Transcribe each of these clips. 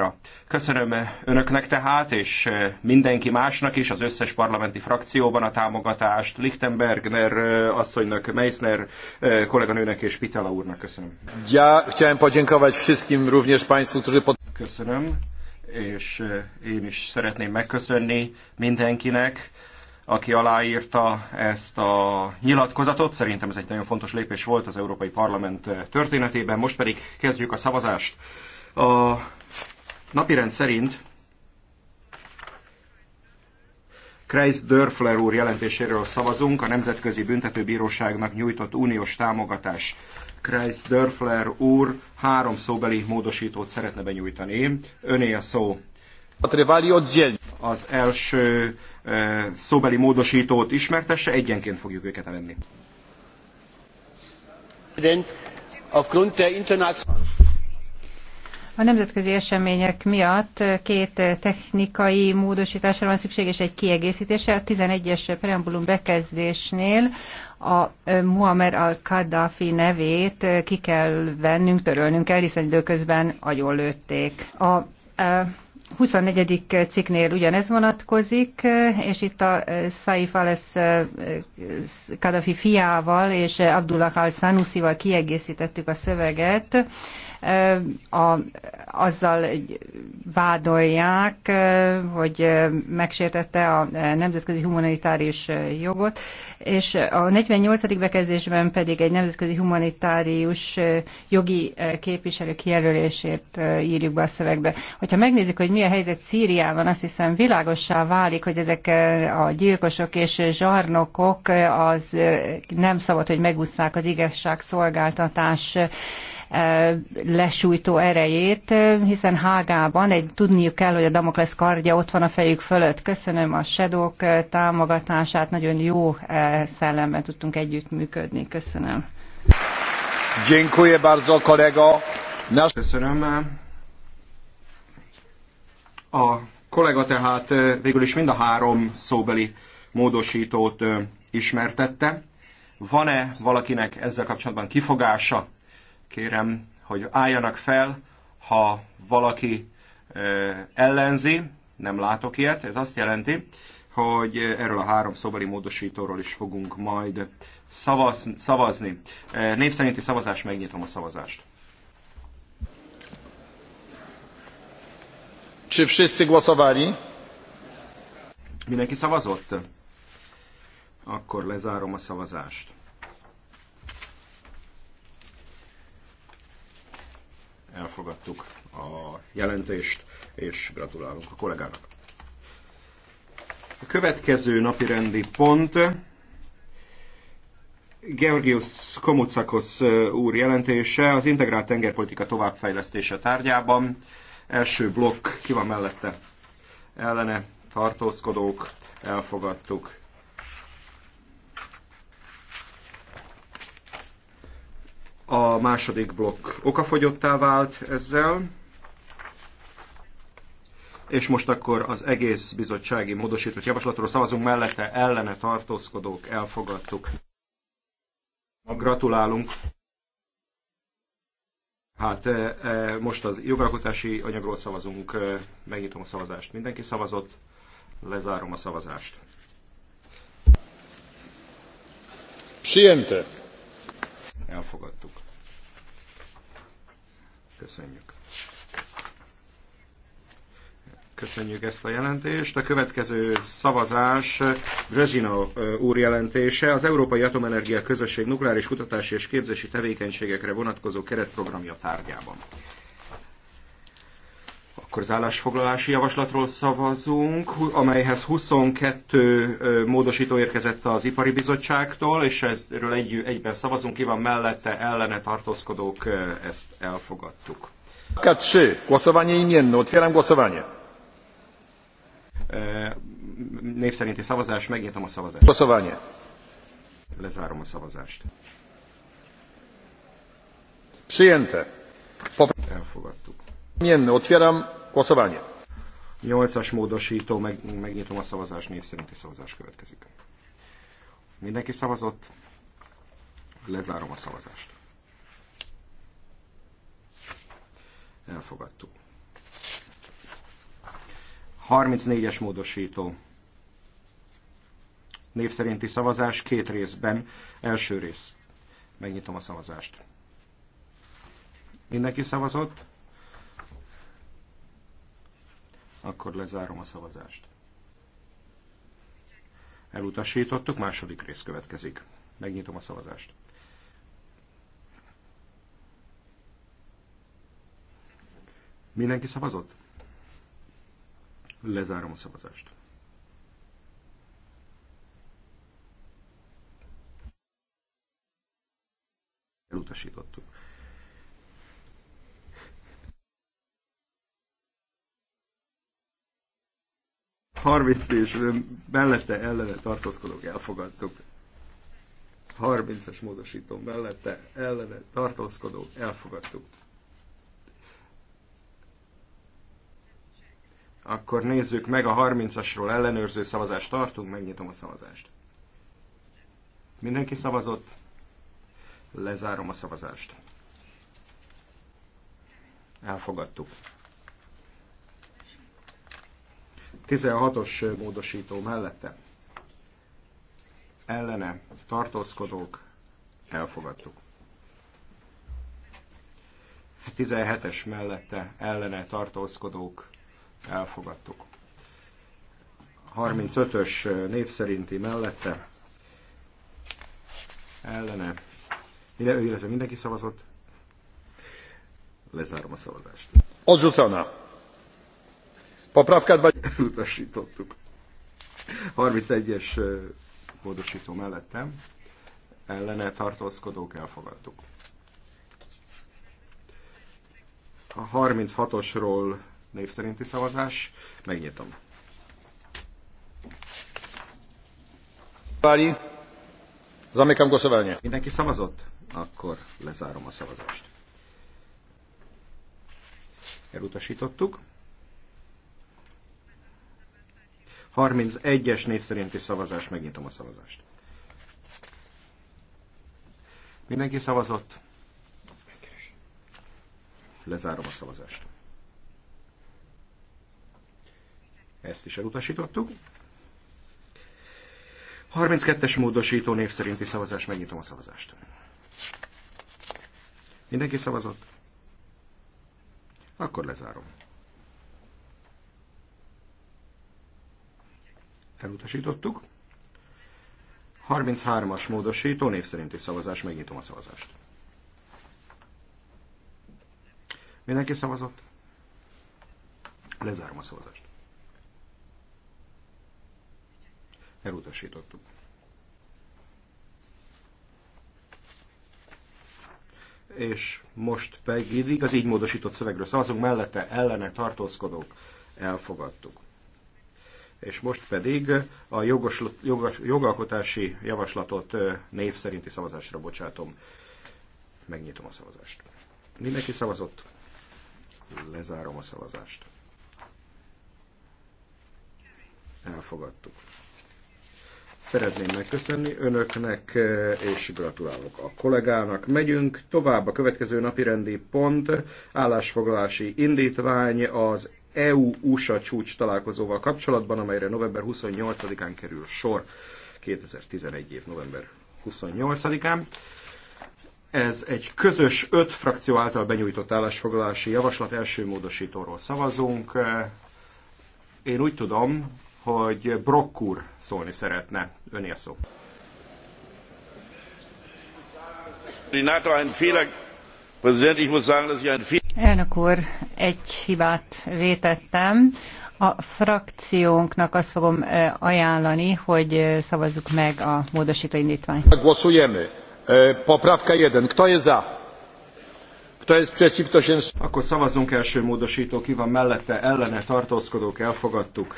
vitára. Köszönöm önöknek tehát, és mindenki másnak is, az összes parlamenti frakcióban a támogatást, Lichtenbergner asszonynak, Meissner kolléganőnek és Pitala úrnak köszönöm. Ja, chciałem podziękować wszystkim, również państwu, którzy... Köszönöm, és én is szeretném megköszönni mindenkinek, aki aláírta ezt a nyilatkozatot. Szerintem ez egy nagyon fontos lépés volt az Európai Parlament történetében. Most pedig kezdjük a szavazást. A Napirend szerint Kreis Dörfler úr jelentéséről szavazunk, a Nemzetközi Büntetőbíróságnak nyújtott uniós támogatás. Kreis Dörfler úr három szóbeli módosítót szeretne benyújtani. Öné a szó. Az első eh, szóbeli módosítót ismertesse, egyenként fogjuk őket elvenni. Aufgrund der a nemzetközi események miatt két technikai módosításra van szükség, és egy kiegészítése. A 11-es preambulum bekezdésnél a Muammar al-Qaddafi nevét ki kell vennünk, törölnünk kell, hiszen időközben agyonlőtték. A, a e, 24. cikknél ugyanez vonatkozik, és itt a Saif al e, Kaddafi fiával és Abdullah al-Sanusival kiegészítettük a szöveget, a, azzal vádolják, hogy megsértette a nemzetközi humanitárius jogot, és a 48. bekezdésben pedig egy nemzetközi humanitárius jogi képviselő kijelölését írjuk be a szövegbe. Hogyha megnézzük, hogy mi a helyzet Szíriában, azt hiszem világossá válik, hogy ezek a gyilkosok és zsarnokok az nem szabad, hogy megúszszák az igazság szolgáltatás lesújtó erejét, hiszen Hágában egy tudniuk kell, hogy a Damoklesz kardja ott van a fejük fölött. Köszönöm a Sedok támogatását, nagyon jó szellemben tudtunk együttműködni. Köszönöm. Köszönöm. A kollega tehát végül is mind a három szóbeli módosítót ismertette. Van-e valakinek ezzel kapcsolatban kifogása? Kérem, hogy álljanak fel, ha valaki ellenzi, nem látok ilyet, ez azt jelenti, hogy erről a három szobeli módosítóról is fogunk majd szavaz, szavazni. Név szerinti szavazás, megnyitom a szavazást. Czy wszyscy głosowali? Mindenki szavazott? Akkor lezárom a szavazást. elfogadtuk a jelentést, és gratulálunk a kollégának. A következő napi rendi pont Georgios Komucakos úr jelentése az integrált tengerpolitika továbbfejlesztése tárgyában. Első blokk, ki van mellette? Ellene tartózkodók, elfogadtuk A második blokk okafogyottá vált ezzel, és most akkor az egész bizottsági módosított javaslatról szavazunk mellette, ellene tartózkodók elfogadtuk. Gratulálunk! Hát e, e, most az jogalkotási anyagról szavazunk, e, megnyitom a szavazást. Mindenki szavazott, lezárom a szavazást. Siente. Elfogadtuk. Köszönjük. Köszönjük ezt a jelentést. A következő szavazás Brezsina uh, úr jelentése az Európai Atomenergia Közösség nukleáris kutatási és képzési tevékenységekre vonatkozó keretprogramja tárgyában. Akkor az állásfoglalási javaslatról szavazunk, amelyhez 22 módosító érkezett az Ipari Bizottságtól, és ezről egy, egyben szavazunk, ki van mellette, ellene tartózkodók, ezt elfogadtuk. Kacsi. Głosowanie imienne. Otwieram głosowanie. Név szerinti szavazás, megnyitom a szavazást. Głosowanie. Lezárom a szavazást. Przyjęte. Elfogadtuk. Imienne, otwieram Głosowanie. 8-as módosító, meg, megnyitom a szavazás, név szerinti szavazás következik. Mindenki szavazott, lezárom a szavazást. Elfogadtuk. 34-es módosító. Név szerinti szavazás két részben. Első rész. Megnyitom a szavazást. Mindenki szavazott? Akkor lezárom a szavazást. Elutasítottuk, második rész következik. Megnyitom a szavazást. Mindenki szavazott? Lezárom a szavazást. Elutasítottuk. 30 és mellette ellene tartózkodók elfogadtuk. 30 es módosító mellette ellene tartózkodók elfogadtuk. Akkor nézzük meg a 30-asról ellenőrző szavazást tartunk, megnyitom a szavazást. Mindenki szavazott? Lezárom a szavazást. Elfogadtuk. 16-os módosító mellette ellene tartózkodók elfogadtuk. 17-es mellette ellene tartózkodók elfogadtuk. 35-ös név szerinti mellette ellene, illetve mindenki szavazott, lezárom a szavazást. Ozzuzana! vagy Elutasítottuk. 31-es módosító mellettem ellene tartózkodók elfogadtuk. A 36-osról név szerinti szavazás. Megnyitom. Pári. Zamykam głosowanie. Mindenki szavazott? Akkor lezárom a szavazást. Elutasítottuk. 31-es név szerinti szavazás. Megnyitom a szavazást. Mindenki szavazott? Lezárom a szavazást. Ezt is elutasítottuk. 32-es módosító név szerinti szavazás. Megnyitom a szavazást. Mindenki szavazott? Akkor lezárom. elutasítottuk. 33-as módosító, név szerinti szavazás, megnyitom a szavazást. Mindenki szavazott? Lezárom a szavazást. Elutasítottuk. És most pedig az így módosított szövegről szavazunk, mellette ellene tartózkodók elfogadtuk és most pedig a jogos, jogos, jogalkotási javaslatot név szerinti szavazásra bocsátom. Megnyitom a szavazást. Mindenki szavazott? Lezárom a szavazást. Elfogadtuk. Szeretném megköszönni önöknek, és gratulálok a kollégának. Megyünk tovább a következő napi rendi pont, állásfoglalási indítvány az EU-USA csúcs találkozóval kapcsolatban, amelyre november 28-án kerül sor 2011 év november 28-án. Ez egy közös öt frakció által benyújtott állásfoglalási javaslat első módosítóról szavazunk. Én úgy tudom, hogy Brock úr szólni szeretne. a szó. Die NATO einen Fehler, Präsident, ich muss sagen, dass ich ein Fehler Elnök úr, egy hibát vétettem. A frakciónknak azt fogom ajánlani, hogy szavazzuk meg a módosító indítványt. Głosujemy. E, poprawka 1. Kto jest za? Kto jest przeciw, kto się... Akkor szavazzunk első módosító, ki van mellette, ellene tartózkodók, elfogadtuk.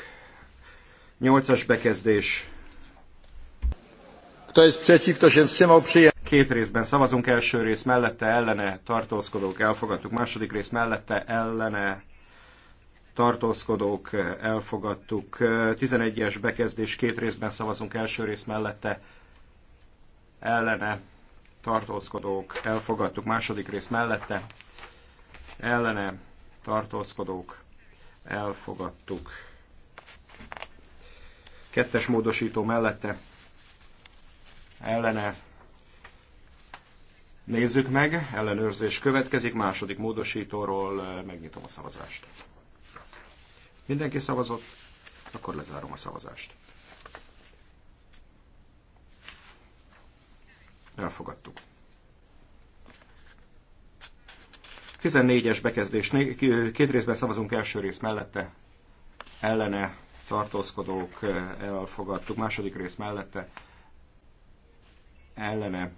Nyolcas bekezdés. Kto jest przeciw, kto się wstrzymał, przyjęty. Két részben szavazunk, első rész mellette ellene tartózkodók elfogadtuk, második rész mellette ellene tartózkodók elfogadtuk. 11-es bekezdés, két részben szavazunk, első rész mellette ellene tartózkodók elfogadtuk, második rész mellette ellene tartózkodók elfogadtuk. Kettes módosító mellette ellene Nézzük meg, ellenőrzés következik, második módosítóról eh, megnyitom a szavazást. Mindenki szavazott, akkor lezárom a szavazást. Elfogadtuk. 14-es bekezdés. Két részben szavazunk első rész mellette. Ellene tartózkodók eh, elfogadtuk. Második rész mellette. Ellene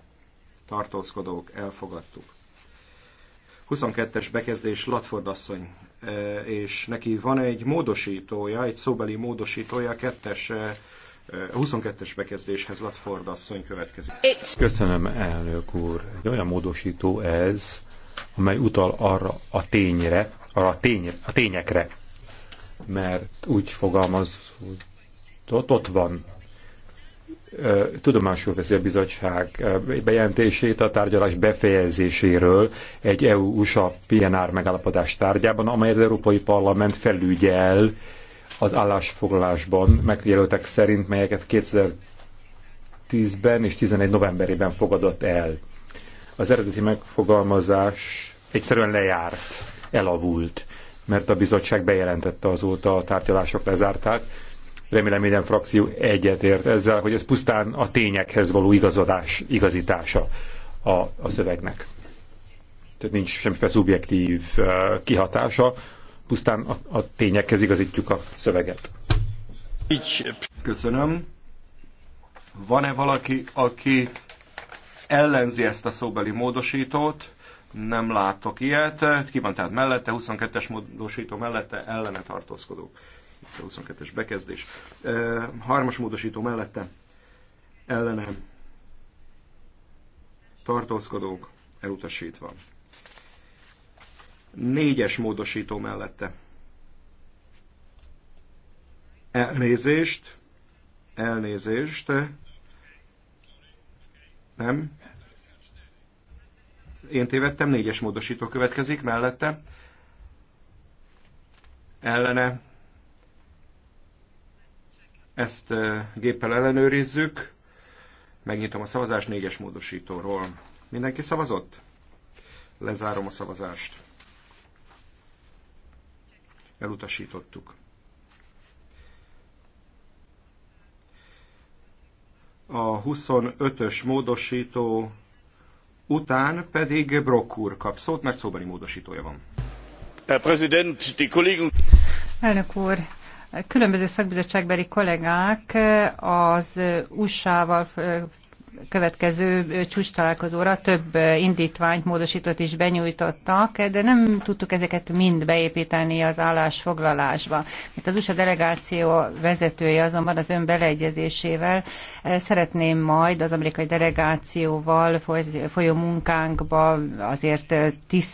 tartózkodók, elfogadtuk. 22-es bekezdés latfordasszony e, és neki van egy módosítója, egy szóbeli módosítója, kettes, 22-es e, e, bekezdéshez latfordasszony következik. Köszönöm, elnök úr. Egy olyan módosító ez, amely utal arra a tényre, arra a, tény, a tényekre, mert úgy fogalmaz, ott, ott van tudomásul veszi a bizottság bejelentését a tárgyalás befejezéséről egy EU-USA PNR megállapodás tárgyában, amely az Európai Parlament felügyel az állásfoglalásban megjelöltek szerint, melyeket 2010-ben és 11 novemberében fogadott el. Az eredeti megfogalmazás egyszerűen lejárt, elavult, mert a bizottság bejelentette azóta a tárgyalások lezárták, Remélem minden frakció egyetért ezzel, hogy ez pusztán a tényekhez való igazodás, igazítása a, a szövegnek. Tehát nincs semmiféle szubjektív uh, kihatása, pusztán a, a tényekhez igazítjuk a szöveget. Köszönöm. Van-e valaki, aki ellenzi ezt a szóbeli módosítót? Nem látok ilyet. Ki van tehát mellette, 22-es módosító mellette ellene tartózkodók. 22-es bekezdés. Hármas módosító mellette ellene tartózkodók elutasítva. Négyes módosító mellette elnézést, elnézést, nem, én tévedtem, négyes módosító következik mellette, ellene ezt géppel ellenőrizzük. Megnyitom a szavazást négyes módosítóról. Mindenki szavazott? Lezárom a szavazást. Elutasítottuk. A 25-ös módosító után pedig Brock úr kap szót, mert szóbeli módosítója van. Herr Präsident, die Kollegen... Elnök úr, Különböző szakbizottságbeli kollégák az USA-val következő csúcs találkozóra több indítványt, módosított is benyújtottak, de nem tudtuk ezeket mind beépíteni az állásfoglalásba. Mert az USA delegáció vezetője azonban az ön beleegyezésével szeretném majd az amerikai delegációval folyó munkánkba azért tiszt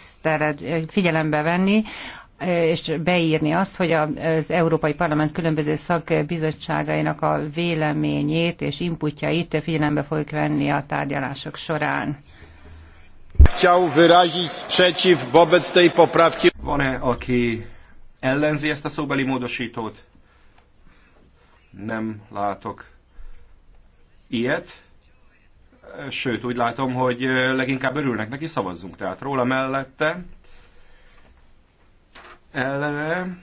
figyelembe venni és beírni azt, hogy az Európai Parlament különböző szakbizottságainak a véleményét és inputjait figyelembe fogjuk venni a tárgyalások során. Van-e, aki ellenzi ezt a szóbeli módosítót? Nem látok ilyet. Sőt, úgy látom, hogy leginkább örülnek neki, szavazzunk tehát róla mellette ellene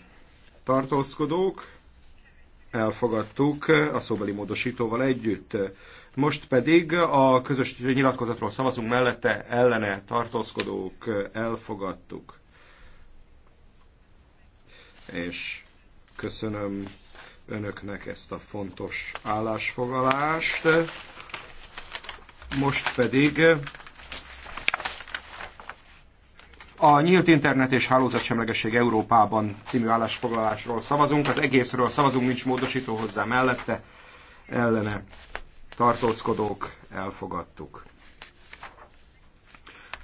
tartózkodók, elfogadtuk a szóbeli módosítóval együtt. Most pedig a közös nyilatkozatról szavazunk mellette, ellene tartózkodók, elfogadtuk. És köszönöm önöknek ezt a fontos állásfoglalást. Most pedig a nyílt internet és hálózatsemlegesség Európában című állásfoglalásról szavazunk. Az egészről szavazunk, nincs módosító hozzá mellette. Ellene tartózkodók elfogadtuk.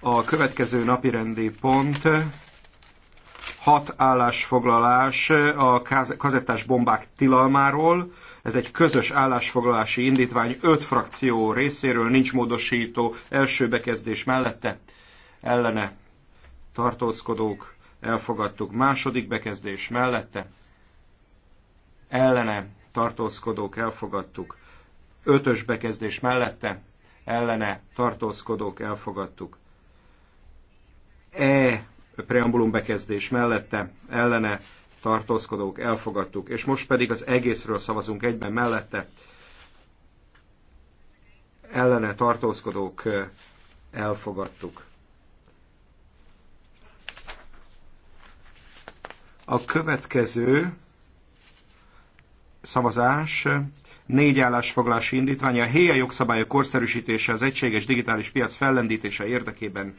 A következő napi rendi pont hat állásfoglalás a kazettás bombák tilalmáról. Ez egy közös állásfoglalási indítvány öt frakció részéről, nincs módosító első bekezdés mellette ellene tartózkodók, elfogadtuk. Második bekezdés mellette, ellene, tartózkodók, elfogadtuk. Ötös bekezdés mellette, ellene, tartózkodók, elfogadtuk. E preambulum bekezdés mellette, ellene, tartózkodók, elfogadtuk. És most pedig az egészről szavazunk egyben mellette, ellene tartózkodók elfogadtuk. A következő szavazás négy állásfoglalási indítványa a helye jogszabályok korszerűsítése az egységes digitális piac fellendítése érdekében.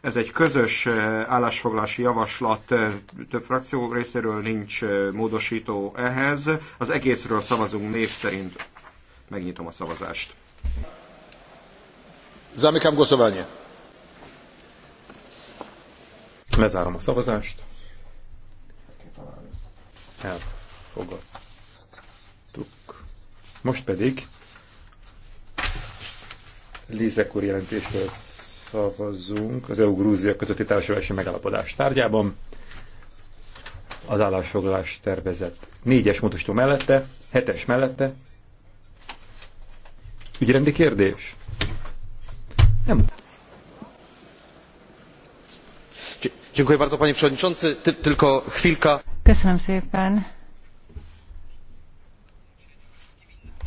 Ez egy közös eh, állásfoglalási javaslat, eh, több frakció részéről nincs eh, módosító ehhez. Az egészről szavazunk név szerint. Megnyitom a szavazást. Zamykam głosowanie. Lezárom a szavazást elfogadtuk. Most pedig Lézek úr jelentésről szavazzunk az EU-Grúzia közötti társulási megállapodás tárgyában. Az állásfoglalás tervezett négyes módosító mellette, hetes mellette. Ügyrendi kérdés? Nem. Dziękuję bardzo panie przewodniczący. Tylko chwilka. Köszönöm szépen.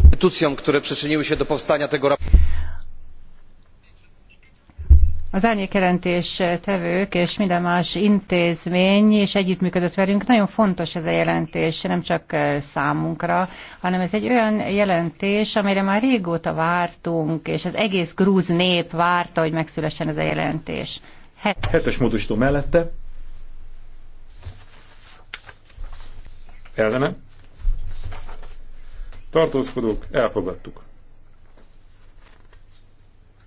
Instytucjom, które przyczyniły się do powstania tego Az árnyékjelentés tevők és minden más intézmény is együttműködött velünk. Nagyon fontos ez a jelentés, nem csak eh, számunkra, hanem ez egy olyan jelentés, amelyre már régóta vártunk, és az egész grúz nép várta, hogy megszülessen ez a jelentés. Het... Hetes módosító mellette, ellene. Tartózkodók, elfogadtuk.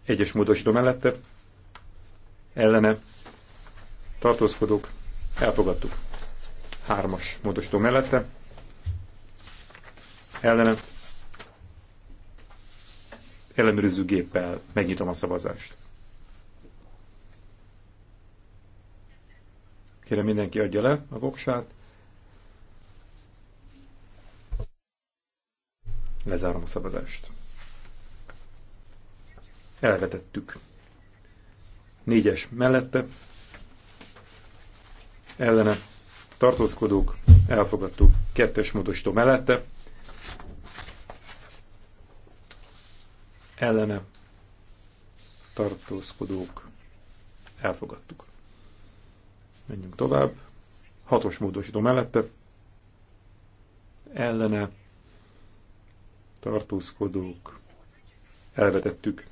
Egyes módosító mellette, ellene. Tartózkodók, elfogadtuk. Hármas módosító mellette, ellene. Ellenőrző géppel megnyitom a szavazást. Kérem mindenki adja le a voksát. Lezárom a szavazást. Elvetettük. Négyes mellette. Ellene. Tartózkodók. Elfogadtuk. Kettes módosító mellette. Ellene. Tartózkodók. Elfogadtuk. Menjünk tovább. Hatos módosító mellette. Ellene tartózkodók, elvetettük.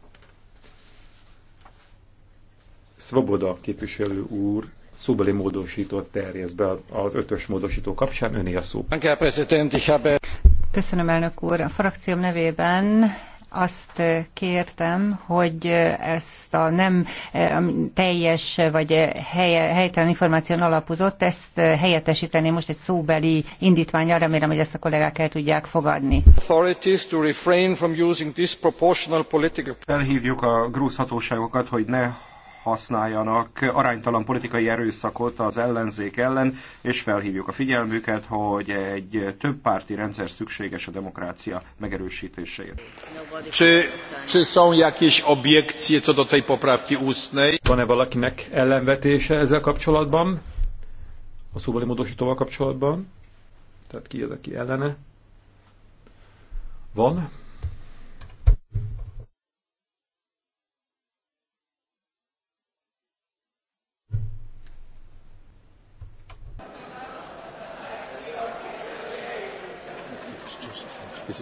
Svoboda képviselő úr szóbeli módosított terjesz be az ötös módosító kapcsán, öné a szó. Köszönöm, elnök úr. A frakcióm nevében azt kértem, hogy ezt a nem e, teljes vagy helye, helytelen információn alapozott, ezt helyettesíteni most egy szóbeli indítványra, remélem, hogy ezt a kollégák el tudják fogadni. Felhívjuk a grúz hatóságokat, hogy ne használjanak aránytalan politikai erőszakot az ellenzék ellen, és felhívjuk a figyelmüket, hogy egy több párti rendszer szükséges a demokrácia megerősítéséért. Czy, czy są jakieś obiekcje co do tej poprawki ustnej? Van-e valakinek ellenvetése ezzel kapcsolatban? A szóbeli módosítóval kapcsolatban? Tehát ki az, aki ellene? Van?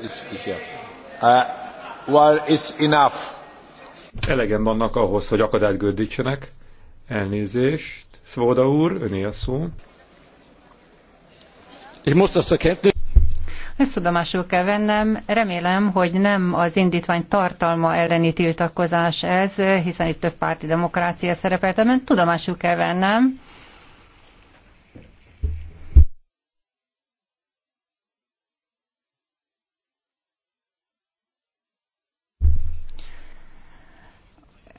is, is, is here. Uh, well, it's enough. Elegem vannak ahhoz, hogy akadályt gördítsenek. Elnézést. Szvoda úr, öné a szó. Ich muss das erkenntnis ezt tudomásul kell vennem. Remélem, hogy nem az indítvány tartalma elleni tiltakozás ez, hiszen itt több párti demokrácia szerepelt, mert tudomásul kell vennem,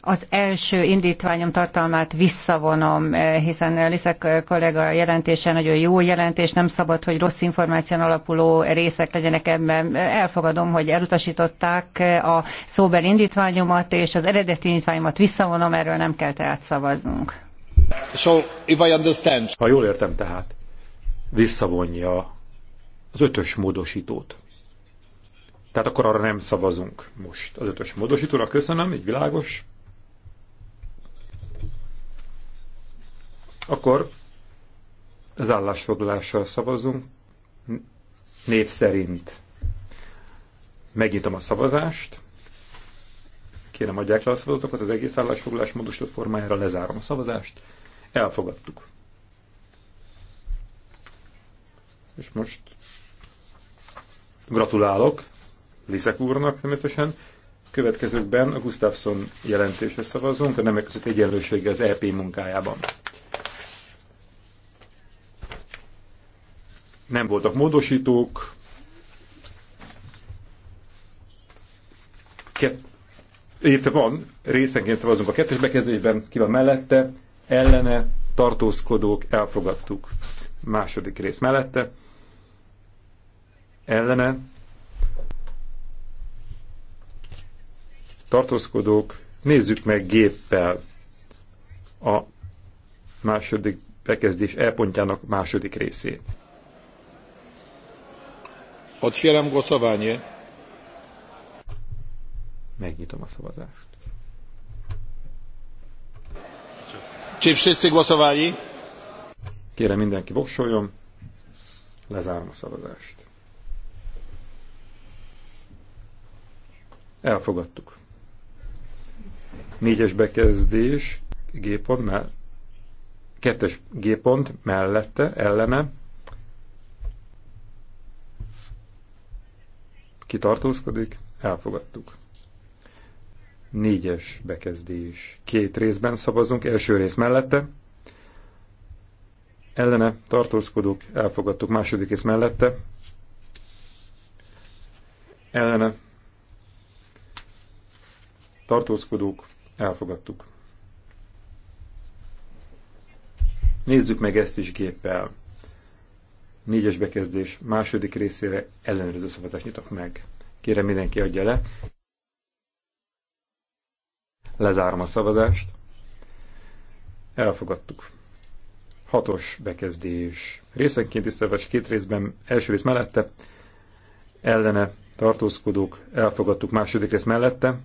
Az első indítványom tartalmát visszavonom, eh, hiszen Liszek eh, kollega jelentése nagyon jó jelentés, nem szabad, hogy rossz információn alapuló részek legyenek ebben. Eh, elfogadom, hogy elutasították a szóbeli indítványomat, és az eredeti indítványomat visszavonom, erről nem kell tehát szavaznunk. So, if I understand. Ha jól értem tehát, visszavonja az ötös módosítót. Tehát akkor arra nem szavazunk most. Az ötös módosítóra köszönöm, így világos. Akkor az állásfoglalással szavazunk név szerint. Megnyitom a szavazást. Kérem, adják le a szavazatokat, az egész állásfoglalás módosított formájára lezárom a szavazást. Elfogadtuk. És most gratulálok Liszek úrnak természetesen. Következőkben a Gustafsson jelentésre szavazunk, a nemek között egyenlőség az EP munkájában. nem voltak módosítók, Ket, van, részenként szavazunk a kettes bekezdésben, ki van mellette, ellene, tartózkodók, elfogadtuk. Második rész mellette, ellene, tartózkodók, nézzük meg géppel a második bekezdés elpontjának második részét. Otwieram głosowanie. Megnyitom a szavazást. Czy wszyscy głosowali? Kérem mindenki voksoljon. Lezárom a szavazást. Elfogadtuk. Négyes bekezdés, gépont pont, mell- kettes gépont mellette, ellene, kitartózkodik, elfogadtuk. Négyes bekezdés. Két részben szavazunk, első rész mellette, ellene tartózkodunk, elfogadtuk második rész mellette, ellene tartózkodunk, elfogadtuk. Nézzük meg ezt is géppel négyes bekezdés második részére ellenőrző szavazást nyitok meg. Kérem mindenki adja le. Lezárom a szavazást. Elfogadtuk. Hatos bekezdés. is szavazás két részben, első rész mellette, ellene tartózkodók, elfogadtuk második rész mellette,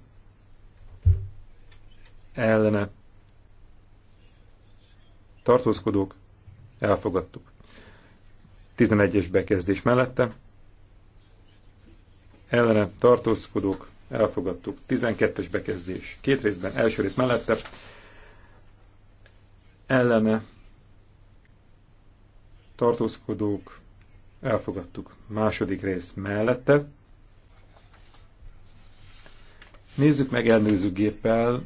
ellene tartózkodók, elfogadtuk. 11-es bekezdés mellette. Ellene tartózkodók, elfogadtuk. 12-es bekezdés. Két részben, első rész mellette. Ellene tartózkodók, elfogadtuk. Második rész mellette. Nézzük meg, elnőzzük géppel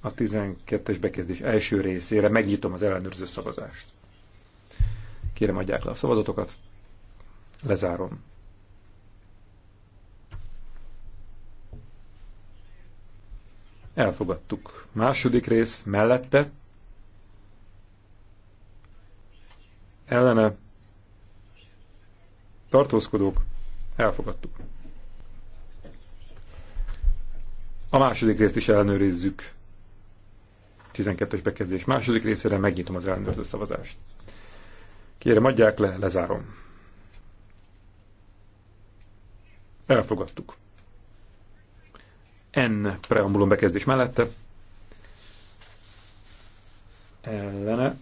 a 12-es bekezdés első részére. Megnyitom az ellenőrző szavazást. Kérem, adják le a szavazatokat. Lezárom. Elfogadtuk. Második rész mellette. Ellene. Tartózkodók. Elfogadtuk. A második részt is ellenőrizzük. 12-es bekezdés második részére megnyitom az ellenőrző szavazást. Kérem, adják le, lezárom. Elfogadtuk. N preambulum bekezdés mellette. Ellene.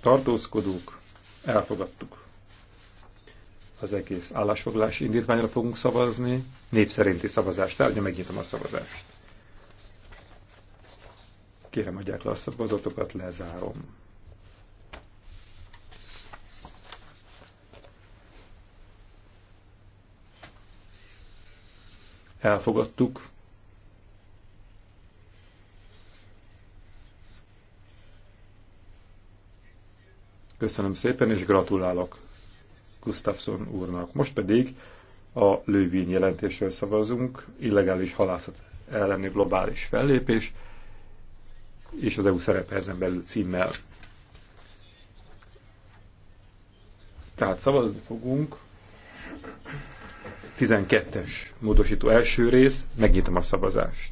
Tartózkodók. Elfogadtuk. Az egész állásfoglalási indítványra fogunk szavazni. Név szerinti szavazást hogy megnyitom a szavazást. Kérem, adják le a szavazatokat, lezárom. Elfogadtuk. Köszönöm szépen, és gratulálok Gustafsson úrnak. Most pedig a lővény jelentésről szavazunk, illegális halászat elleni globális fellépés és az EU szerepe ezen belül címmel. Tehát szavazni fogunk. 12-es módosító első rész, megnyitom a szavazást.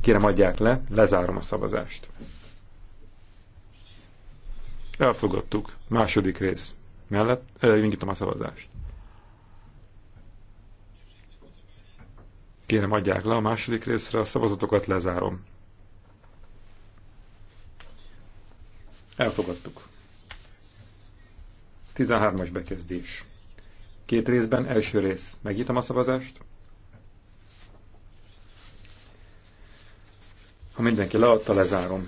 Kérem adják le, lezárom a szavazást. Elfogadtuk. Második rész. Mellett, megnyitom a szavazást. Kérem, adják le a második részre, a szavazatokat lezárom. Elfogadtuk. 13-as bekezdés. Két részben, első rész. Megnyitom a szavazást. Ha mindenki leadta, lezárom.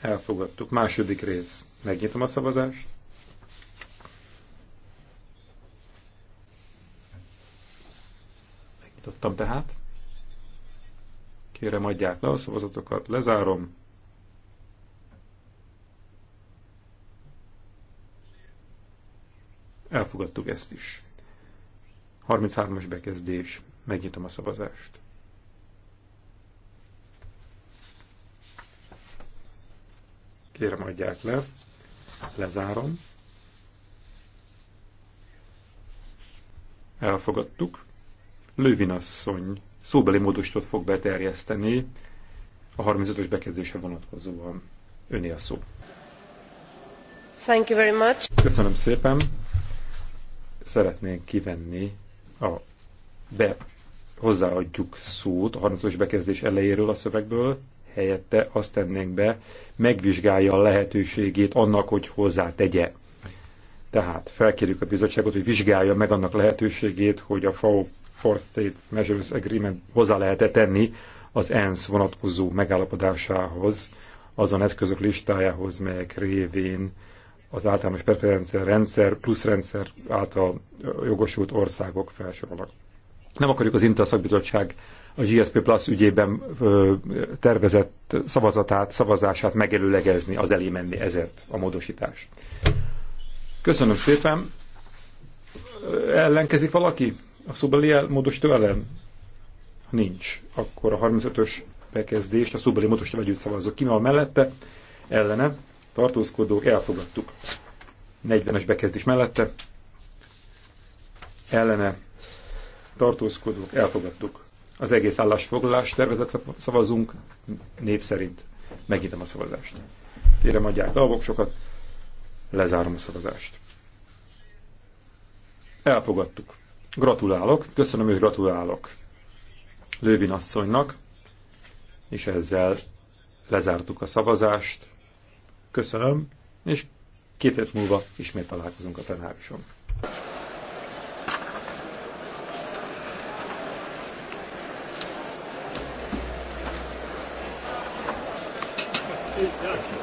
Elfogadtuk. Második rész. Megnyitom a szavazást. Nyitottam tehát. Kérem, adják le a szavazatokat. Lezárom. Elfogadtuk ezt is. 33-as bekezdés. Megnyitom a szavazást. Kérem, adják le. Lezárom. Elfogadtuk. Lővin asszony szóbeli módosítót fog beterjeszteni a 35-ös bekezdése vonatkozóan. Öné a szó. Thank you very much. Köszönöm szépen. Szeretnénk kivenni a be hozzáadjuk szót a 35-ös bekezdés elejéről a szövegből, helyette azt tennénk be, megvizsgálja a lehetőségét annak, hogy hozzá tegye. Tehát felkérjük a bizottságot, hogy vizsgálja meg annak lehetőségét, hogy a FAO Fourth State Measures Agreement hozzá lehet -e tenni az ENSZ vonatkozó megállapodásához, azon eszközök listájához, melyek révén az általános preferencia rendszer plusz rendszer által jogosult országok felsorolnak. Nem akarjuk az Intel szakbizottság a GSP Plus ügyében ö, tervezett szavazatát, szavazását megelőlegezni, az elé menni ezért a módosítás. Köszönöm szépen. Ellenkezik valaki? a szóbeli módosító ellen? Ha nincs, akkor a 35-ös bekezdést a szóbeli módosító együtt szavazzuk. Ki van mellette? Ellene. Tartózkodók, elfogadtuk. 40-es bekezdés mellette. Ellene. Tartózkodók, elfogadtuk. Az egész állásfoglalás tervezetre szavazunk név szerint. Megnyitom a szavazást. Kérem adják a voksokat. Lezárom a szavazást. Elfogadtuk. Gratulálok, köszönöm, hogy gratulálok Lővin asszonynak, és ezzel lezártuk a szavazást. Köszönöm, és két hét múlva ismét találkozunk a plenárison. Köszönöm.